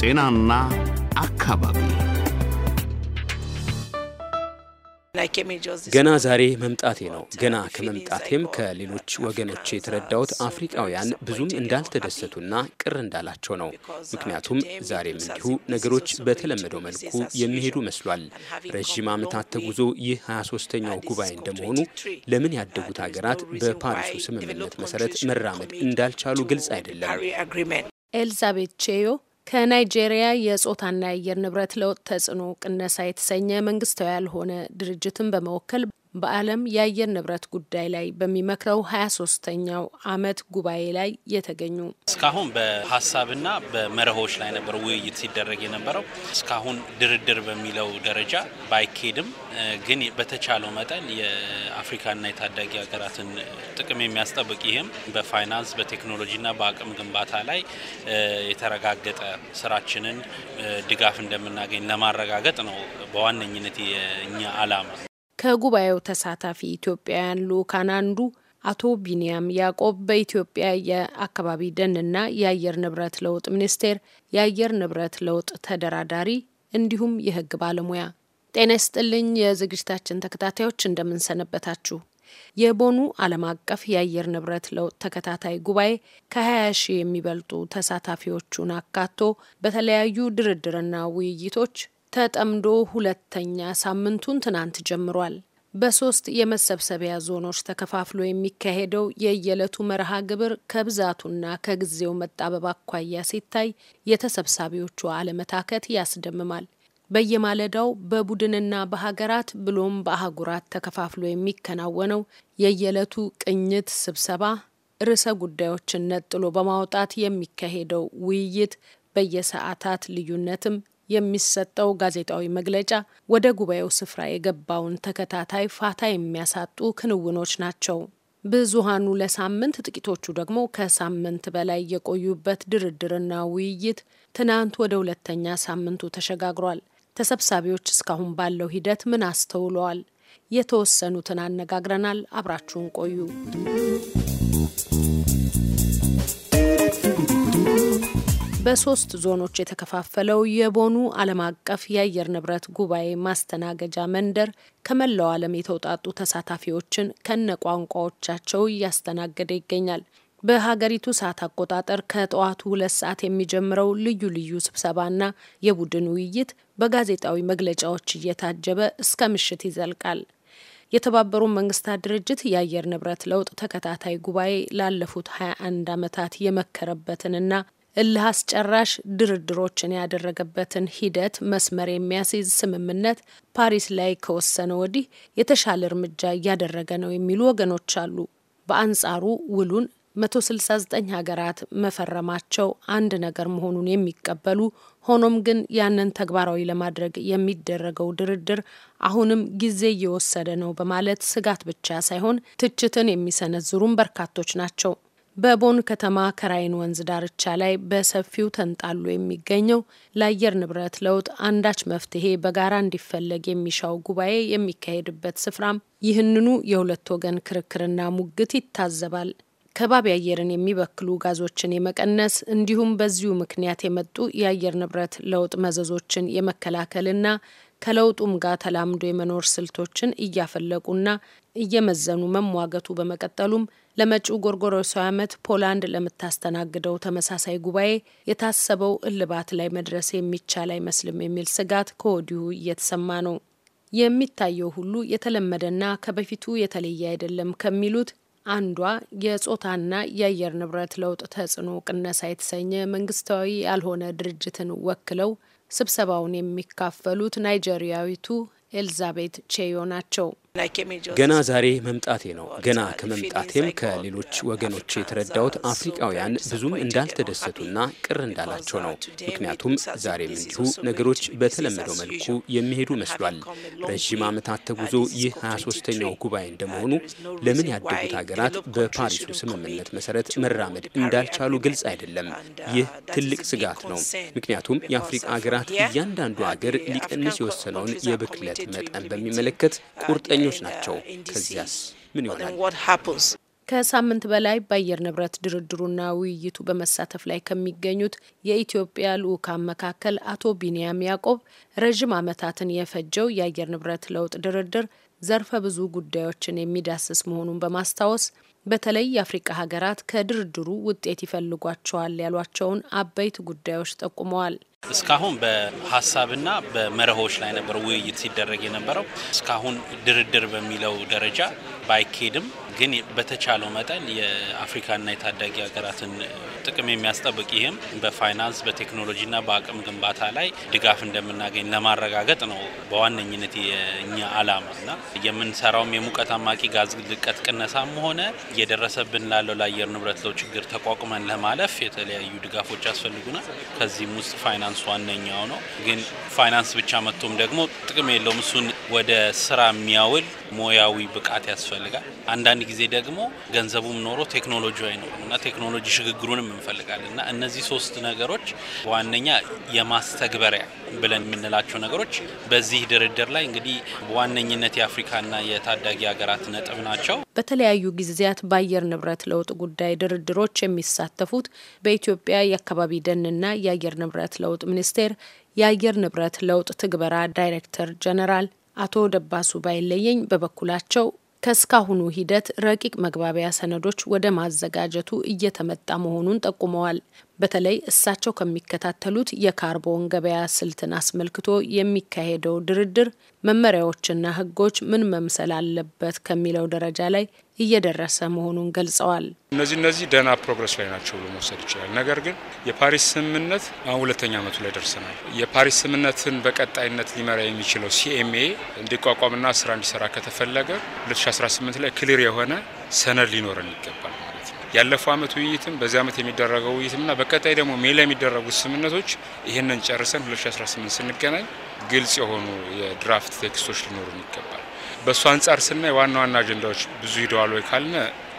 ጤናና አካባቢ ገና ዛሬ መምጣቴ ነው። ገና ከመምጣቴም ከሌሎች ወገኖች የተረዳሁት አፍሪቃውያን ብዙም እንዳልተደሰቱና ቅር እንዳላቸው ነው። uh, ምክንያቱም ዛሬም እንዲሁ ነገሮች በተለመደው መልኩ የሚሄዱ መስሏል። ረዥም ዓመታት ተጉዞ ይህ 23ኛው ጉባኤ እንደመሆኑ ለምን ያደጉት uh, ሀገራት በፓሪሱ ስምምነት መሰረት መራመድ እንዳልቻሉ ግልጽ አይደለም። ኤልዛቤት ቼዮ ከናይጄሪያ የጾታና የአየር ንብረት ለውጥ ተጽዕኖ ቅነሳ የተሰኘ መንግስታዊ ያልሆነ ድርጅትን በመወከል በዓለም የአየር ንብረት ጉዳይ ላይ በሚመክረው 23 ሶስተኛው አመት ጉባኤ ላይ የተገኙ እስካሁን በሀሳብና በመርሆች ላይ ነበር ውይይት ሲደረግ የነበረው። እስካሁን ድርድር በሚለው ደረጃ ባይኬድም ግን በተቻለው መጠን የአፍሪካና የታዳጊ ሀገራትን ጥቅም የሚያስጠብቅ ይህም በፋይናንስ በቴክኖሎጂና በአቅም ግንባታ ላይ የተረጋገጠ ስራችንን ድጋፍ እንደምናገኝ ለማረጋገጥ ነው በዋነኝነት የእኛ አላማ። ከጉባኤው ተሳታፊ ኢትዮጵያውያን ልኡካን አንዱ አቶ ቢንያም ያዕቆብ በኢትዮጵያ የአካባቢ ደንና የአየር ንብረት ለውጥ ሚኒስቴር የአየር ንብረት ለውጥ ተደራዳሪ እንዲሁም የሕግ ባለሙያ። ጤና ይስጥልኝ የዝግጅታችን ተከታታዮች እንደምንሰነበታችሁ። የቦኑ ዓለም አቀፍ የአየር ንብረት ለውጥ ተከታታይ ጉባኤ ከ20 ሺህ የሚበልጡ ተሳታፊዎቹን አካቶ በተለያዩ ድርድርና ውይይቶች ተጠምዶ ሁለተኛ ሳምንቱን ትናንት ጀምሯል። በሶስት የመሰብሰቢያ ዞኖች ተከፋፍሎ የሚካሄደው የየዕለቱ መርሃ ግብር ከብዛቱና ከጊዜው መጣበብ አኳያ ሲታይ የተሰብሳቢዎቹ አለመታከት ያስደምማል። በየማለዳው በቡድንና በሀገራት ብሎም በአህጉራት ተከፋፍሎ የሚከናወነው የየዕለቱ ቅኝት ስብሰባ ርዕሰ ጉዳዮችን ነጥሎ በማውጣት የሚካሄደው ውይይት በየሰዓታት ልዩነትም የሚሰጠው ጋዜጣዊ መግለጫ ወደ ጉባኤው ስፍራ የገባውን ተከታታይ ፋታ የሚያሳጡ ክንውኖች ናቸው። ብዙሃኑ ለሳምንት ጥቂቶቹ ደግሞ ከሳምንት በላይ የቆዩበት ድርድርና ውይይት ትናንት ወደ ሁለተኛ ሳምንቱ ተሸጋግሯል። ተሰብሳቢዎች እስካሁን ባለው ሂደት ምን አስተውለዋል? የተወሰኑትን አነጋግረናል። አብራችሁን ቆዩ። በሶስት ዞኖች የተከፋፈለው የቦኑ ዓለም አቀፍ የአየር ንብረት ጉባኤ ማስተናገጃ መንደር ከመላው ዓለም የተውጣጡ ተሳታፊዎችን ከነ ቋንቋዎቻቸው እያስተናገደ ይገኛል። በሀገሪቱ ሰዓት አቆጣጠር ከጠዋቱ ሁለት ሰዓት የሚጀምረው ልዩ ልዩ ስብሰባና የቡድን ውይይት በጋዜጣዊ መግለጫዎች እየታጀበ እስከ ምሽት ይዘልቃል። የተባበሩ መንግስታት ድርጅት የአየር ንብረት ለውጥ ተከታታይ ጉባኤ ላለፉት 21 ዓመታት የመከረበትንና እልህ አስጨራሽ ድርድሮችን ያደረገበትን ሂደት መስመር የሚያስይዝ ስምምነት ፓሪስ ላይ ከወሰነ ወዲህ የተሻለ እርምጃ እያደረገ ነው የሚሉ ወገኖች አሉ። በአንጻሩ ውሉን 169 ሀገራት መፈረማቸው አንድ ነገር መሆኑን የሚቀበሉ ሆኖም ግን ያንን ተግባራዊ ለማድረግ የሚደረገው ድርድር አሁንም ጊዜ እየወሰደ ነው በማለት ስጋት ብቻ ሳይሆን ትችትን የሚሰነዝሩም በርካቶች ናቸው። በቦን ከተማ ከራይን ወንዝ ዳርቻ ላይ በሰፊው ተንጣሎ የሚገኘው ለአየር ንብረት ለውጥ አንዳች መፍትሄ በጋራ እንዲፈለግ የሚሻው ጉባኤ የሚካሄድበት ስፍራም ይህንኑ የሁለት ወገን ክርክርና ሙግት ይታዘባል። ከባቢ አየርን የሚበክሉ ጋዞችን የመቀነስ እንዲሁም በዚሁ ምክንያት የመጡ የአየር ንብረት ለውጥ መዘዞችን የመከላከልና ከለውጡም ጋር ተላምዶ የመኖር ስልቶችን እያፈለቁና እየመዘኑ መሟገቱ በመቀጠሉም ለመጪው ጎርጎሮሳዊ ዓመት ፖላንድ ለምታስተናግደው ተመሳሳይ ጉባኤ የታሰበው እልባት ላይ መድረስ የሚቻል አይመስልም የሚል ስጋት ከወዲሁ እየተሰማ ነው። የሚታየው ሁሉ የተለመደና ከበፊቱ የተለየ አይደለም ከሚሉት አንዷ የጾታና የአየር ንብረት ለውጥ ተጽዕኖ ቅነሳ የተሰኘ መንግስታዊ ያልሆነ ድርጅትን ወክለው ስብሰባውን የሚካፈሉት ናይጄሪያዊቱ ኤልዛቤት ቼዮ ናቸው። ገና ዛሬ መምጣቴ ነው። ገና ከመምጣቴም ከሌሎች ወገኖች የተረዳሁት አፍሪቃውያን ብዙም እንዳልተደሰቱና ቅር uh, እንዳላቸው ነው። ምክንያቱም ዛሬም እንዲሁ ነገሮች በተለመደው መልኩ የሚሄዱ መስሏል። ረዥም ዓመታት ተጉዞ ይህ 23ኛው ጉባኤ uh, እንደመሆኑ ለምን ያደጉት ሀገራት በፓሪሱ ስምምነት መሰረት መራመድ እንዳልቻሉ ግልጽ አይደለም። uh, ይህ ትልቅ ስጋት ነው። ምክንያቱም የአፍሪቃ ሀገራት እያንዳንዱ ሀገር ሊቀንስ የወሰነውን የብክለት መጠን በሚመለከት ቁርጠኛ ተጠቃሚዎች uh, ናቸው። ከዚያስ ምን ይሆናል? ከሳምንት በላይ በአየር ንብረት ድርድሩና ውይይቱ በመሳተፍ ላይ ከሚገኙት የኢትዮጵያ ልዑካን መካከል አቶ ቢንያም ያዕቆብ ረዥም ዓመታትን የፈጀው የአየር ንብረት ለውጥ ድርድር ዘርፈ ብዙ ጉዳዮችን የሚዳስስ መሆኑን በማስታወስ በተለይ የአፍሪቃ ሀገራት ከድርድሩ ውጤት ይፈልጓቸዋል ያሏቸውን አበይት ጉዳዮች ጠቁመዋል። እስካሁን በሀሳብና በመርሆች ላይ ነበር ውይይት ሲደረግ የነበረው። እስካሁን ድርድር በሚለው ደረጃ ባይኬድም ግን በተቻለው መጠን የአፍሪካና የታዳጊ ሀገራትን ጥቅም የሚያስጠብቅ ይህም በፋይናንስ በቴክኖሎጂና በአቅም ግንባታ ላይ ድጋፍ እንደምናገኝ ለማረጋገጥ ነው በዋነኝነት የእኛ አላማና የምንሰራውም የሙቀት አማቂ ጋዝ ልቀት ቅነሳም ሆነ እየደረሰብን ላለው ለአየር ንብረት ለው ችግር ተቋቁመን ለማለፍ የተለያዩ ድጋፎች ያስፈልጉናል። ከዚህም ውስጥ ፋይናንስ ዋነኛው ነው። ግን ፋይናንስ ብቻ መጥቶም ደግሞ ጥቅም የለውም። እሱን ወደ ስራ የሚያውል ሙያዊ ብቃት ያስፈልጋል። አንዳንድ ጊዜ ደግሞ ገንዘቡም ኖሮ ቴክኖሎጂ አይኖርም እና ቴክኖሎጂ ሽግግሩንም እንፈልጋለን እና እነዚህ ሶስት ነገሮች ዋነኛ የማስተግበሪያ ብለን የምንላቸው ነገሮች በዚህ ድርድር ላይ እንግዲህ በዋነኝነት የአፍሪካና የታዳጊ ሀገራት ነጥብ ናቸው። በተለያዩ ጊዜያት በአየር ንብረት ለውጥ ጉዳይ ድርድሮች የሚሳተፉት በኢትዮጵያ የአካባቢ ደንና የአየር ንብረት ለውጥ ሚኒስቴር የአየር ንብረት ለውጥ ትግበራ ዳይሬክተር ጀነራል አቶ ደባሱ ባይለየኝ በበኩላቸው ከእስካሁኑ ሂደት ረቂቅ መግባቢያ ሰነዶች ወደ ማዘጋጀቱ እየተመጣ መሆኑን ጠቁመዋል። በተለይ እሳቸው ከሚከታተሉት የካርቦን ገበያ ስልትን አስመልክቶ የሚካሄደው ድርድር መመሪያዎችና ሕጎች ምን መምሰል አለበት ከሚለው ደረጃ ላይ እየደረሰ መሆኑን ገልጸዋል። እነዚህ እነዚህ ደህና ፕሮግረስ ላይ ናቸው ብሎ መውሰድ ይችላል። ነገር ግን የፓሪስ ስምምነት አሁን ሁለተኛ ዓመቱ ላይ ደርሰናል። የፓሪስ ስምምነትን በቀጣይነት ሊመራ የሚችለው ሲኤምኤ እንዲቋቋምና ስራ እንዲሰራ ከተፈለገ 2018 ላይ ክሊር የሆነ ሰነድ ሊኖረን ይገባል። ያለፈው አመት ውይይትም በዚህ አመት የሚደረገው ውይይትምና በቀጣይ ደግሞ ሜላ የሚደረጉ የሚደረጉት ስምምነቶች ይህንን ጨርሰን 2018 ስንገናኝ ግልጽ የሆኑ የድራፍት ቴክስቶች ሊኖሩን ይገባል። በእሱ አንጻር ስናይ ዋና ዋና አጀንዳዎች ብዙ ሂደዋል ወይ ካልነ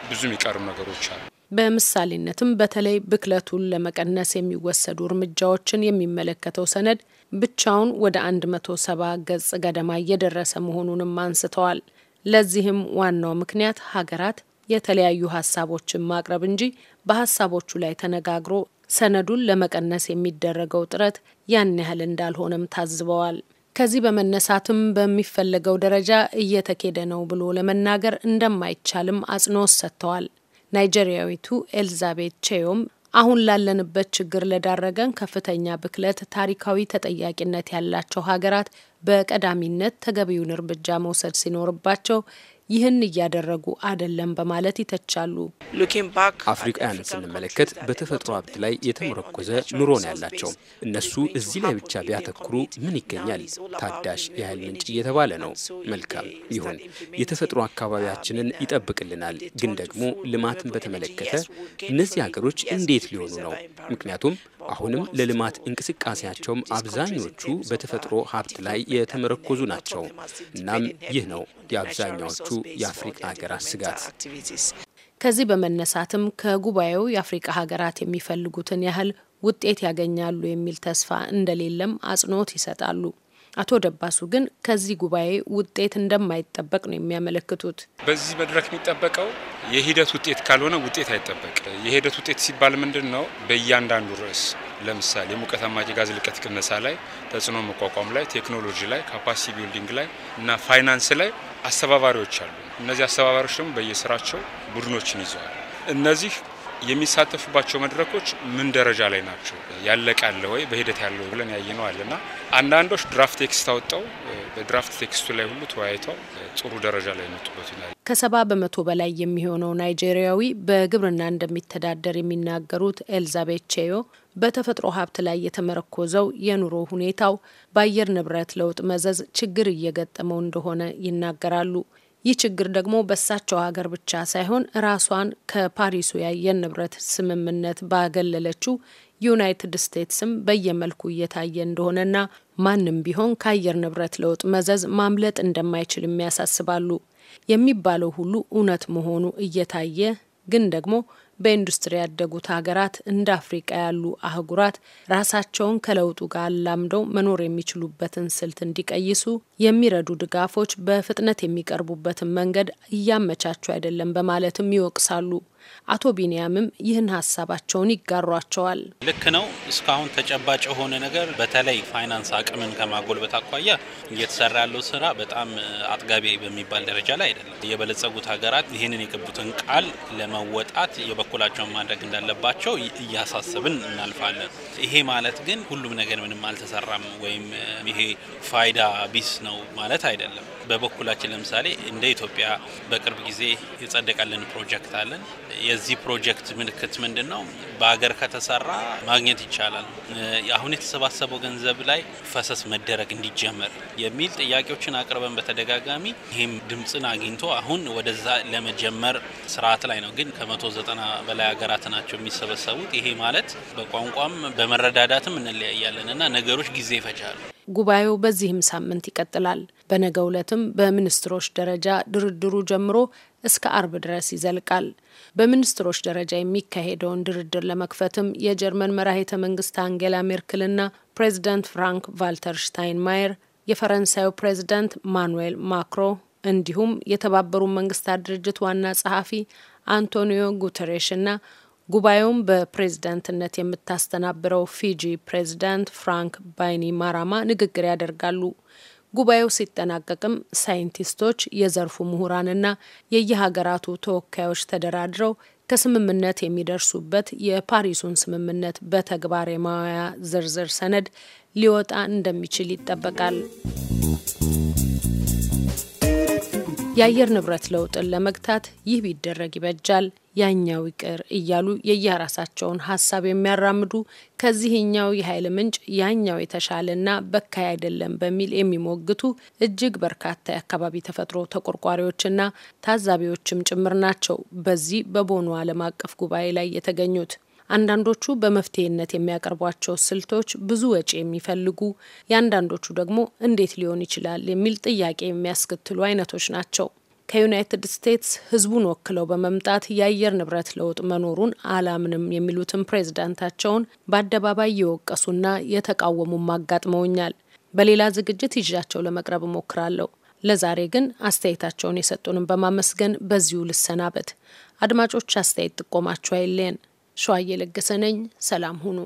ብዙ የሚቀሩ ነገሮች አሉ። በምሳሌነትም በተለይ ብክለቱን ለመቀነስ የሚወሰዱ እርምጃዎችን የሚመለከተው ሰነድ ብቻውን ወደ 170 ገጽ ገደማ እየደረሰ መሆኑንም አንስተዋል። ለዚህም ዋናው ምክንያት ሀገራት የተለያዩ ሀሳቦችን ማቅረብ እንጂ በሀሳቦቹ ላይ ተነጋግሮ ሰነዱን ለመቀነስ የሚደረገው ጥረት ያን ያህል እንዳልሆነም ታዝበዋል። ከዚህ በመነሳትም በሚፈለገው ደረጃ እየተኬደ ነው ብሎ ለመናገር እንደማይቻልም አጽንኦት ሰጥተዋል። ናይጄሪያዊቱ ኤልዛቤት ቼዮም አሁን ላለንበት ችግር ለዳረገን ከፍተኛ ብክለት ታሪካዊ ተጠያቂነት ያላቸው ሀገራት በቀዳሚነት ተገቢውን እርምጃ መውሰድ ሲኖርባቸው ይህን እያደረጉ አይደለም በማለት ይተቻሉ። አፍሪቃውያንን ስንመለከት በተፈጥሮ ሀብት ላይ የተመረኮዘ ኑሮ ነው ያላቸው። እነሱ እዚህ ላይ ብቻ ቢያተኩሩ ምን ይገኛል? ታዳሽ የኃይል ምንጭ እየተባለ ነው። መልካም ይሁን፣ የተፈጥሮ አካባቢያችንን uh, ይጠብቅልናል። ግን ደግሞ ልማትን በተመለከተ እነዚህ ሀገሮች እንዴት ሊሆኑ ነው? ምክንያቱም አሁንም ለልማት እንቅስቃሴያቸውም አብዛኞቹ በተፈጥሮ ሀብት ላይ የተመረኮዙ ናቸው። እናም ይህ ነው የአብዛኛዎቹ የአፍሪቃ ሀገራት ስጋት። ከዚህ በመነሳትም ከጉባኤው የአፍሪቃ ሀገራት የሚፈልጉትን ያህል ውጤት ያገኛሉ የሚል ተስፋ እንደሌለም አጽንኦት ይሰጣሉ። አቶ ደባሱ ግን ከዚህ ጉባኤ ውጤት እንደማይጠበቅ ነው የሚያመለክቱት። በዚህ መድረክ የሚጠበቀው የሂደት ውጤት ካልሆነ ውጤት አይጠበቅ። የሂደት ውጤት ሲባል ምንድን ነው? በእያንዳንዱ ርዕስ ለምሳሌ የሙቀት አማቂ ጋዝ ልቀት ቅነሳ ላይ፣ ተጽዕኖ መቋቋም ላይ፣ ቴክኖሎጂ ላይ፣ ካፓሲቲ ቢልዲንግ ላይ እና ፋይናንስ ላይ አስተባባሪዎች አሉ። እነዚህ አስተባባሪዎች ደግሞ በየስራቸው ቡድኖችን ይዘዋል። እነዚህ የሚሳተፍባቸው መድረኮች ምን ደረጃ ላይ ናቸው? ያለቀ ያለ ወይ በሂደት ያለ ወይ ብለን ያየነው አለና አንዳንዶች ድራፍት ቴክስት አውጠው በድራፍት ቴክስቱ ላይ ሁሉ ተወያይተው ጥሩ ደረጃ ላይ የመጡበት ይላል። ከሰባ በመቶ በላይ የሚሆነው ናይጄሪያዊ በግብርና እንደሚተዳደር የሚናገሩት ኤልዛቤት ቼዮ በተፈጥሮ ሀብት ላይ የተመረኮዘው የኑሮ ሁኔታው በአየር ንብረት ለውጥ መዘዝ ችግር እየገጠመው እንደሆነ ይናገራሉ። ይህ ችግር ደግሞ በሳቸው ሀገር ብቻ ሳይሆን ራሷን ከፓሪሱ የአየር ንብረት ስምምነት ባገለለችው ዩናይትድ ስቴትስም በየመልኩ እየታየ እንደሆነና ማንም ቢሆን ከአየር ንብረት ለውጥ መዘዝ ማምለጥ እንደማይችል የሚያሳስባሉ። የሚባለው ሁሉ እውነት መሆኑ እየታየ ግን ደግሞ በኢንዱስትሪ ያደጉት ሀገራት እንደ አፍሪቃ ያሉ አህጉራት ራሳቸውን ከለውጡ ጋር አላምደው መኖር የሚችሉበትን ስልት እንዲቀይሱ የሚረዱ ድጋፎች በፍጥነት የሚቀርቡበትን መንገድ እያመቻቹ አይደለም በማለትም ይወቅሳሉ። አቶ ቢንያምም ይህን ሀሳባቸውን ይጋሯቸዋል። ልክ ነው። እስካሁን ተጨባጭ የሆነ ነገር በተለይ ፋይናንስ አቅምን ከማጎልበት አኳያ እየተሰራ ያለው ስራ በጣም አጥጋቢ በሚባል ደረጃ ላይ አይደለም። የበለጸጉት ሀገራት ይህንን የገቡትን ቃል ለመወጣት የበኩላቸውን ማድረግ እንዳለባቸው እያሳሰብን እናልፋለን። ይሄ ማለት ግን ሁሉም ነገር ምንም አልተሰራም ወይም ይሄ ፋይዳ ቢስ ነው ማለት አይደለም። በበኩላችን ለምሳሌ እንደ ኢትዮጵያ በቅርብ ጊዜ የጸደቀልን ፕሮጀክት አለን። የዚህ ፕሮጀክት ምልክት ምንድን ነው? በሀገር ከተሰራ ማግኘት ይቻላል። አሁን የተሰባሰበው ገንዘብ ላይ ፈሰስ መደረግ እንዲጀመር የሚል ጥያቄዎችን አቅርበን በተደጋጋሚ ይህም ድምፅን አግኝቶ አሁን ወደዛ ለመጀመር ስርዓት ላይ ነው። ግን ከመቶ ዘጠና በላይ ሀገራት ናቸው የሚሰበሰቡት። ይሄ ማለት በቋንቋም በመረዳዳትም እንለያያለን እና ነገሮች ጊዜ ይፈጃሉ። ጉባኤው በዚህም ሳምንት ይቀጥላል። በነገ ውለትም በሚኒስትሮች ደረጃ ድርድሩ ጀምሮ እስከ አርብ ድረስ ይዘልቃል። በሚኒስትሮች ደረጃ የሚካሄደውን ድርድር ለመክፈትም የጀርመን መራሄተ መንግስት አንጌላ ሜርክልና ፕሬዚዳንት ፍራንክ ቫልተር ሽታይንማየር፣ የፈረንሳዩ ፕሬዚዳንት ማኑዌል ማክሮ እንዲሁም የተባበሩ መንግስታት ድርጅት ዋና ጸሐፊ አንቶኒዮ ጉተሬሽና ጉባኤውን በፕሬዝዳንትነት የምታስተናብረው ፊጂ ፕሬዝዳንት ፍራንክ ባይኒ ማራማ ንግግር ያደርጋሉ። ጉባኤው ሲጠናቀቅም ሳይንቲስቶች፣ የዘርፉ ምሁራንና የየሀገራቱ ተወካዮች ተደራድረው ከስምምነት የሚደርሱበት የፓሪሱን ስምምነት በተግባር የማዋያ ዝርዝር ሰነድ ሊወጣ እንደሚችል ይጠበቃል። የአየር ንብረት ለውጥን ለመግታት ይህ ቢደረግ ይበጃል፣ ያኛው ይቅር እያሉ የየራሳቸውን ሀሳብ የሚያራምዱ ከዚህኛው የኃይል ምንጭ ያኛው የተሻለና በካይ አይደለም በሚል የሚሞግቱ እጅግ በርካታ የአካባቢ ተፈጥሮ ተቆርቋሪዎችና ታዛቢዎችም ጭምር ናቸው በዚህ በቦኑ ዓለም አቀፍ ጉባኤ ላይ የተገኙት። አንዳንዶቹ በመፍትሄነት የሚያቀርቧቸው ስልቶች ብዙ ወጪ የሚፈልጉ፣ የአንዳንዶቹ ደግሞ እንዴት ሊሆን ይችላል የሚል ጥያቄ የሚያስከትሉ አይነቶች ናቸው። ከዩናይትድ ስቴትስ ህዝቡን ወክለው በመምጣት የአየር ንብረት ለውጥ መኖሩን አላምንም የሚሉትን ፕሬዝዳንታቸውን በአደባባይ የወቀሱና የተቃወሙም አጋጥመውኛል። በሌላ ዝግጅት ይዣቸው ለመቅረብ እሞክራለሁ። ለዛሬ ግን አስተያየታቸውን የሰጡንም በማመስገን በዚሁ ልሰናበት። አድማጮች አስተያየት ጥቆማቸው አይለየን። ሸዋ እየለገሰ ነኝ። ሰላም ሁኑ።